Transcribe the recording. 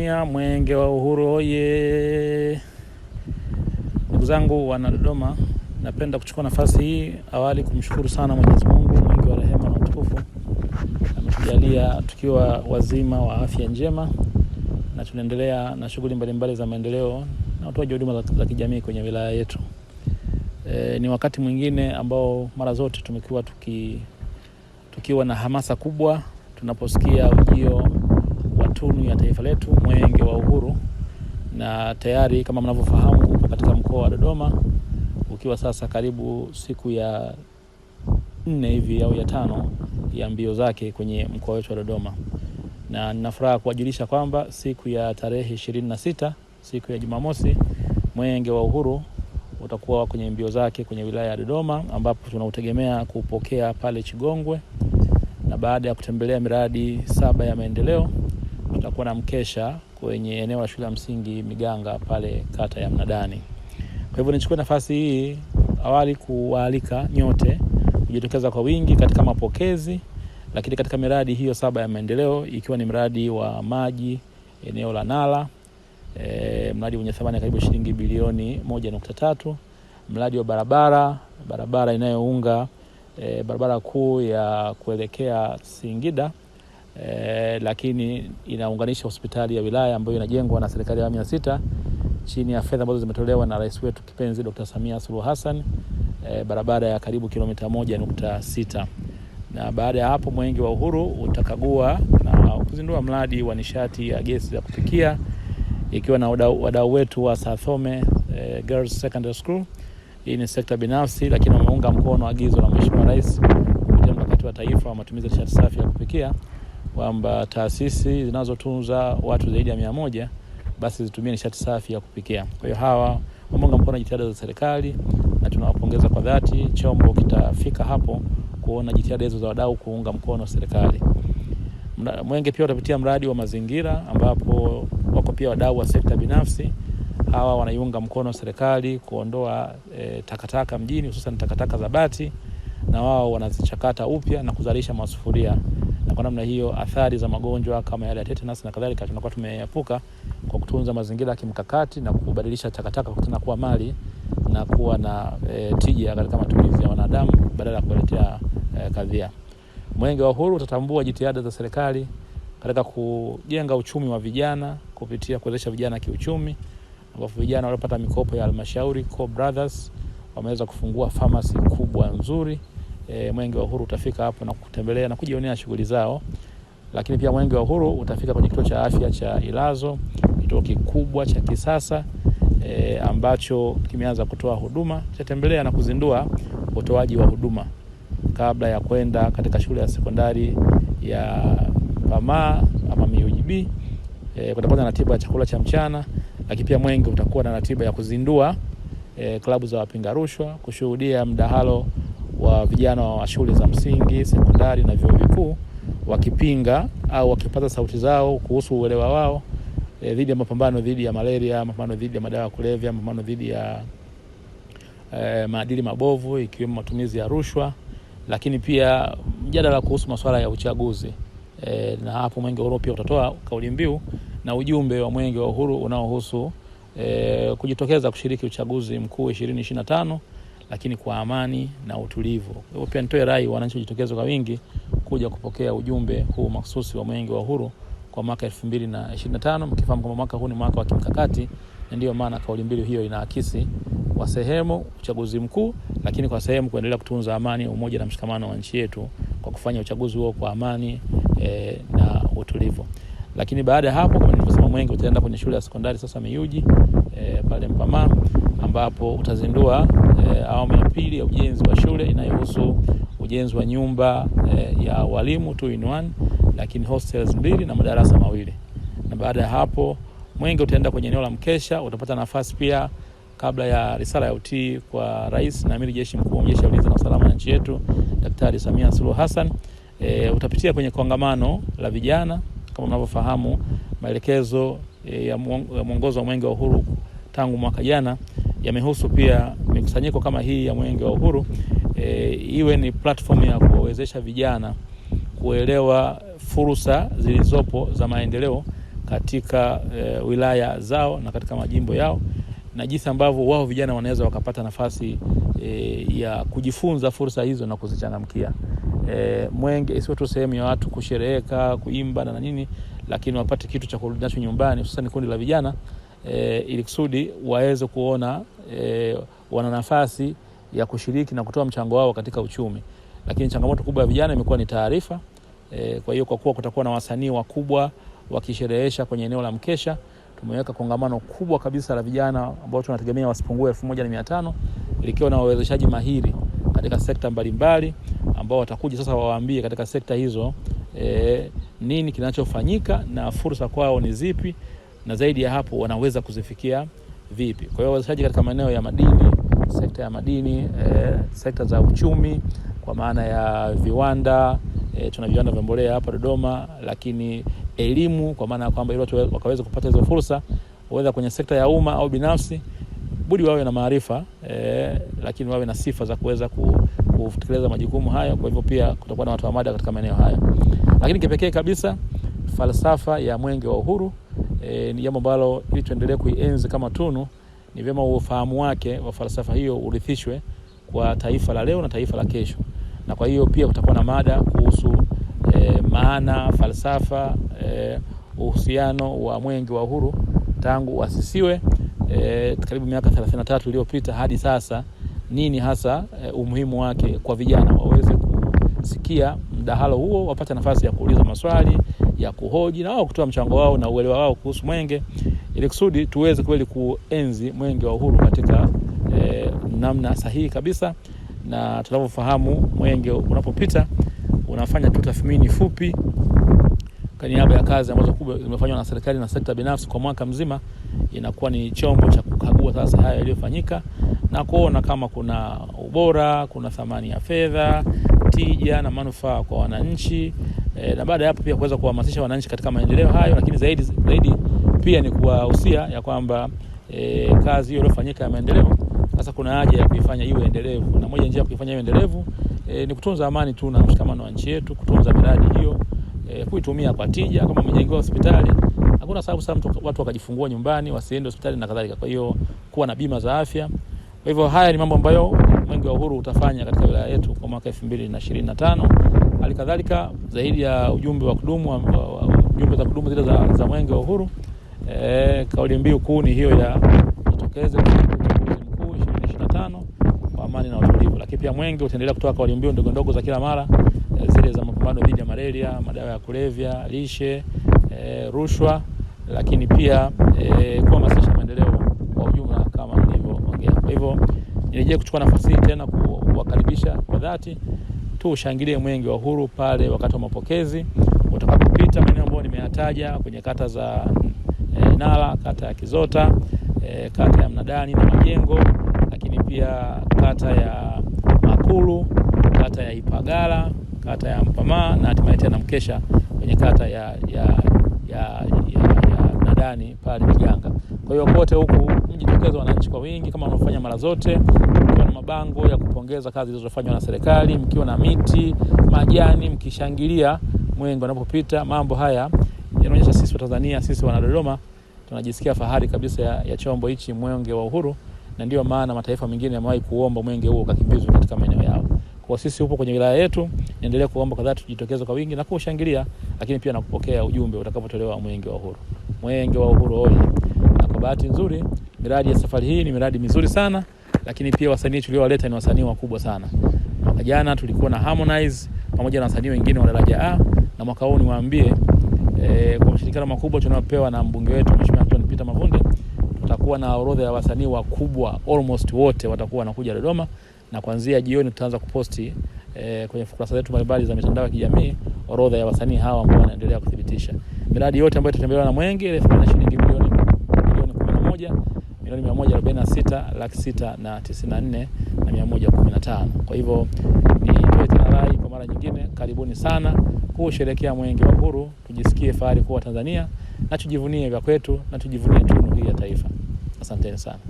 Tanzania, mwenge wa uhuru oye Ndugu zangu wana Dodoma, napenda kuchukua nafasi hii awali kumshukuru sana Mwenyezi Mungu mwingi wa rehema na utukufu, ametujalia tukiwa wazima wa afya njema na tunaendelea na shughuli mbalimbali za maendeleo na utoaji huduma za kijamii kwenye wilaya yetu. E, ni wakati mwingine ambao mara zote tumekuwa tuki, tukiwa na hamasa kubwa tunaposikia ujio tunu ya taifa letu, mwenge wa uhuru, na tayari kama mnavyofahamu upo katika mkoa wa Dodoma ukiwa sasa karibu siku ya nne hivi au ya tano ya mbio zake kwenye mkoa wetu wa Dodoma, na ninafuraha kuwajulisha kwamba siku ya tarehe ishirini na sita siku ya Jumamosi, mwenge wa uhuru utakuwa kwenye mbio zake kwenye wilaya ya Dodoma, ambapo tunautegemea kupokea pale Chigongwe, na baada ya kutembelea miradi saba ya maendeleo tutakuwa na mkesha kwenye eneo la shule ya msingi Miganga pale kata ya Mnadani. Kwa hivyo nichukue nafasi hii awali kuwaalika nyote kujitokeza kwa wingi katika mapokezi, lakini katika miradi hiyo saba ya maendeleo, ikiwa ni mradi wa maji eneo la Nala e, mradi wenye thamani ya karibu shilingi bilioni moja nukta tatu mradi wa barabara barabara inayounga e, barabara kuu ya kuelekea Singida Eh, lakini inaunganisha hospitali ya wilaya ambayo inajengwa na serikali ya awamu ya sita chini ya fedha ambazo zimetolewa na rais wetu kipenzi Dr. Samia Suluhu Hassan e, barabara ya karibu kilomita moja nukta sita na baada ya hapo Mwenge wa Uhuru utakagua na kuzindua mradi wa nishati ya gesi ya kupikia ikiwa na wadau wetu wa Sathome e, eh, Girls Secondary School. Hii ni sekta binafsi, lakini wameunga mkono agizo la Mheshimiwa Rais kupitia mkakati wa taifa wa matumizi ya nishati safi ya kupikia kwamba taasisi zinazotunza watu zaidi ya mia moja basi zitumie nishati safi ya kupikia. Kwa hiyo hawa wameunga mkono jitihada za serikali na tunawapongeza kwa dhati. Chombo kitafika hapo kuona jitihada hizo za wadau kuunga mkono serikali. Mwenge pia utapitia mradi wa mazingira ambapo wako pia wadau wa sekta binafsi. Hawa wanaiunga mkono serikali kuondoa e, takataka mjini hususan takataka za bati, na wao wanazichakata upya na kuzalisha masufuria na kwa namna hiyo athari za magonjwa kama yale ya tetanus na kadhalika tunakuwa tumeepuka kwa kutunza mazingira ya kimkakati na kubadilisha takataka kutana kuwa mali na kuwa na e, tija katika matumizi ya wanadamu badala ya kuletea e, kadhia. Mwenge wa Uhuru utatambua jitihada za serikali katika kujenga uchumi wa vijana kupitia kuwezesha vijana kiuchumi, ambapo vijana waliopata mikopo ya halmashauri Co Brothers wameweza kufungua famasi kubwa nzuri e, Mwenge wa Uhuru utafika hapo na kutembelea na kujionea shughuli zao, lakini pia Mwenge wa Uhuru utafika kwenye kituo cha afya cha Ilazo, kituo kikubwa cha kisasa e, ambacho kimeanza kutoa huduma. Tutatembelea na kuzindua utoaji wa huduma kabla ya kwenda katika shule ya sekondari ya Mpamaa ama MUJB. E, kutakuwa na ratiba ya chakula cha mchana, lakini pia Mwenge utakuwa na ratiba ya kuzindua e, klabu za wapinga rushwa, kushuhudia mdahalo wa vijana wa shule za msingi, sekondari na vyuo vikuu wakipinga au wakipata sauti zao kuhusu uelewa wao e, dhidi ya mapambano dhidi ya malaria, mapambano dhidi ya madawa ya kulevya, mapambano dhidi ya e, maadili mabovu ikiwemo matumizi ya rushwa, lakini pia mjadala kuhusu masuala ya uchaguzi e, na hapo Mwenge wa Uhuru pia utatoa kauli mbiu na ujumbe wa Mwenge wa Uhuru unaohusu e, kujitokeza kushiriki uchaguzi mkuu 2025 lakini kwa amani na utulivu. Hivyo pia nitoe rai wananchi wajitokeze kwa wingi kuja kupokea ujumbe huu mahususi wa Mwenge wa Uhuru kwa mwaka 2025 mkifahamu kwamba mwaka huu ni mwaka wa kimkakati, na ndiyo maana kauli mbiu hiyo inaakisi kwa sehemu uchaguzi mkuu, lakini kwa sehemu kuendelea kutunza amani, umoja na mshikamano wa nchi yetu kwa kufanya uchaguzi huo kwa amani e, na utulivu. Lakini baada ya hapo, kama nilivyosema, mwenge utaenda kwenye shule ya sekondari sasa Miyuji e, pale mpama ambapo utazindua e, awamu ya pili ya ujenzi wa shule inayohusu ujenzi wa nyumba e, ya walimu two in one, lakini hostels mbili na madarasa mawili. Na baada ya hapo mwenge utaenda kwenye eneo la mkesha, utapata nafasi pia kabla ya risala ya utii kwa rais na amiri jeshi mkuu wa jeshi la ulinzi na usalama ya nchi yetu Daktari Samia Suluhu Hassan. E, utapitia kwenye kongamano la vijana kama mnavyofahamu maelekezo e, ya mwongozo wa mwenge wa uhuru tangu mwaka jana yamehusu pia mikusanyiko kama hii ya Mwenge wa Uhuru e, iwe ni platform ya kuwawezesha vijana kuelewa fursa zilizopo za maendeleo katika e, wilaya zao na katika majimbo yao na jinsi ambavyo wao vijana wanaweza wakapata nafasi e, ya kujifunza fursa hizo na kuzichangamkia. E, Mwenge isiwe tu sehemu ya watu kushereheka, kuimba na nini, lakini wapate kitu cha kurudi nacho nyumbani, hususani kundi la vijana e, ili kusudi waweze kuona e, wana nafasi ya kushiriki na kutoa mchango wao katika uchumi. Lakini changamoto kubwa ya vijana imekuwa ni taarifa e, kwa hiyo kwa kuwa kutakuwa na wasanii wakubwa wakisherehesha kwenye eneo la mkesha, tumeweka kongamano kubwa kabisa la vijana ambao tunategemea wasipungue elfu moja na mia tano likiwa na wawezeshaji mahiri katika sekta mbalimbali ambao watakuja sasa wawaambie katika sekta hizo e, nini kinachofanyika na fursa kwao ni zipi na zaidi ya hapo wanaweza kuzifikia vipi. Kwa hiyo wawezeshaji katika maeneo ya madini, sekta ya madini e, sekta za uchumi kwa maana ya viwanda e, tuna viwanda vya mbolea hapa Dodoma, lakini elimu kwa maana ya kwamba ili watu wakaweza kupata hizo fursa, waweza kwenye sekta ya umma au binafsi, budi wawe na maarifa e, lakini wawe na sifa za kuweza ku kutekeleza majukumu hayo. Kwa hivyo pia kutakuwa na watu wa mada katika maeneo hayo, lakini kipekee kabisa falsafa ya mwenge wa uhuru e, ni jambo ambalo ili tuendelee kuienzi kama tunu, ni vyema ufahamu wake wa falsafa hiyo urithishwe kwa taifa la leo na taifa la kesho. Na kwa hiyo pia kutakuwa na mada kuhusu e, maana, falsafa, e, uhusiano wa mwenge wa uhuru tangu uasisiwe e, karibu miaka 33 iliyopita hadi sasa, nini hasa e, umuhimu wake kwa vijana waweze kusikia mdahalo huo, wapate nafasi ya kuuliza maswali ya kuhoji na wao kutoa mchango wao na uelewa wao kuhusu mwenge, ili kusudi tuweze kweli kuenzi mwenge wa uhuru katika e, namna sahihi kabisa. Na tunavyofahamu mwenge unapopita unafanya tu tathmini fupi kwa niaba ya kazi ambazo kubwa zimefanywa na serikali na sekta binafsi kwa mwaka mzima. Inakuwa ni chombo cha kukagua sasa haya yaliyofanyika na kuona kama kuna ubora, kuna thamani ya fedha, tija na manufaa kwa wananchi e, na baada ya hapo pia kuweza kuhamasisha wananchi katika maendeleo hayo, lakini zaidi zaidi pia ni kuwahusia ya kwamba e, kazi hiyo iliyofanyika ya maendeleo sasa kuna haja ya kuifanya iwe endelevu, na moja njia ya kuifanya iwe endelevu e, ni kutunza amani tu na mshikamano wa nchi yetu, kutunza miradi hiyo e, kuitumia kwa tija. Kama mjengo wa hospitali, hakuna sababu sana watu wakajifungua nyumbani wasiende hospitali na kadhalika. Kwa hiyo kuwa na bima za afya. Kwa hivyo haya ni mambo ambayo mwenge wa uhuru utafanya katika wilaya yetu kwa mwaka 2025. Hali kadhalika zaidi ya ujumbe wa kudumu, jumbe za kudumu zile za, za mwenge wa uhuru e, kauli mbiu kuu ni hiyo ya jitokeze uchaguzi mkuu 2025 kwa amani na utulivu. Lakini pia mwenge utaendelea kutoa kauli mbiu ndogo ndogo za kila mara e, zile za mapambano dhidi ya malaria, madawa ya kulevya, lishe e, rushwa, lakini pia e, kuhamasisha maendeleo kwa ujumla kama nilivyoongea. Kwa hivyo nirejee kuchukua nafasi hii tena kuwakaribisha kwa dhati tu ushangilie mwenge wa uhuru pale wakati wa mapokezi utakapopita maeneo ambayo nimeyataja kwenye kata za e, Nala, kata ya Kizota e, kata ya Mnadani na Majengo, lakini pia kata ya Makulu, kata ya Ipagala, kata ya Mpamaa na hatimaye tena mkesha kwenye kata ya, ya, ya, ya, ya Mnadani pale Miganga. Kwa hiyo kote huku kujitokeza wananchi kwa wingi kama wanaofanya mara zote, mkiwa na mabango ya kupongeza kazi zilizofanywa na serikali, mkiwa na miti, majani, mkishangilia mwengi wanapopita. Mambo haya yanaonyesha sisi Watanzania, sisi Wanadodoma tunajisikia fahari kabisa ya, ya chombo hichi, mwenge wa uhuru, na ndio maana mataifa mengine yamewahi kuomba mwenge huo ukakimbizwa katika maeneo yao. Kwa sisi upo kwenye wilaya yetu, niendelee kuomba kadhaa tujitokeze kwa wingi na kuushangilia, lakini pia na kupokea ujumbe utakapotolewa mwenge wa uhuru. Mwenge wa uhuru oye! bahati nzuri miradi ya safari hii ni miradi mizuri sana, lakini pia wasanii tuliowaleta ni wasanii wakubwa sana. Mwaka jana tulikuwa na Harmonize pamoja na wasanii wengine wa daraja A, na mwaka huu niwaambie e, kwa ushirikiano makubwa tunayopewa na mbunge wetu Mheshimiwa Anton Peter Mavunde, tutakuwa na orodha ya wasanii wakubwa almost wote watakuwa wanakuja Dodoma, na kuanzia jioni tutaanza kuposti e, kwenye kurasa zetu mbalimbali za mitandao ya kijamii orodha ya wasanii hawa ambao wanaendelea kuthibitisha miradi yote ambayo itatembelewa na mwenge elfu mbili na shilingi sita laki sita na tisini na nne na mia moja kumi na tano. Kwa hivyo nitoe tena rai kwa mara nyingine, karibuni sana kusherekea mwenge wa uhuru. Tujisikie fahari kuwa Tanzania na tujivunie vya kwetu na tujivunie tunu hii ya taifa. Asanteni sana.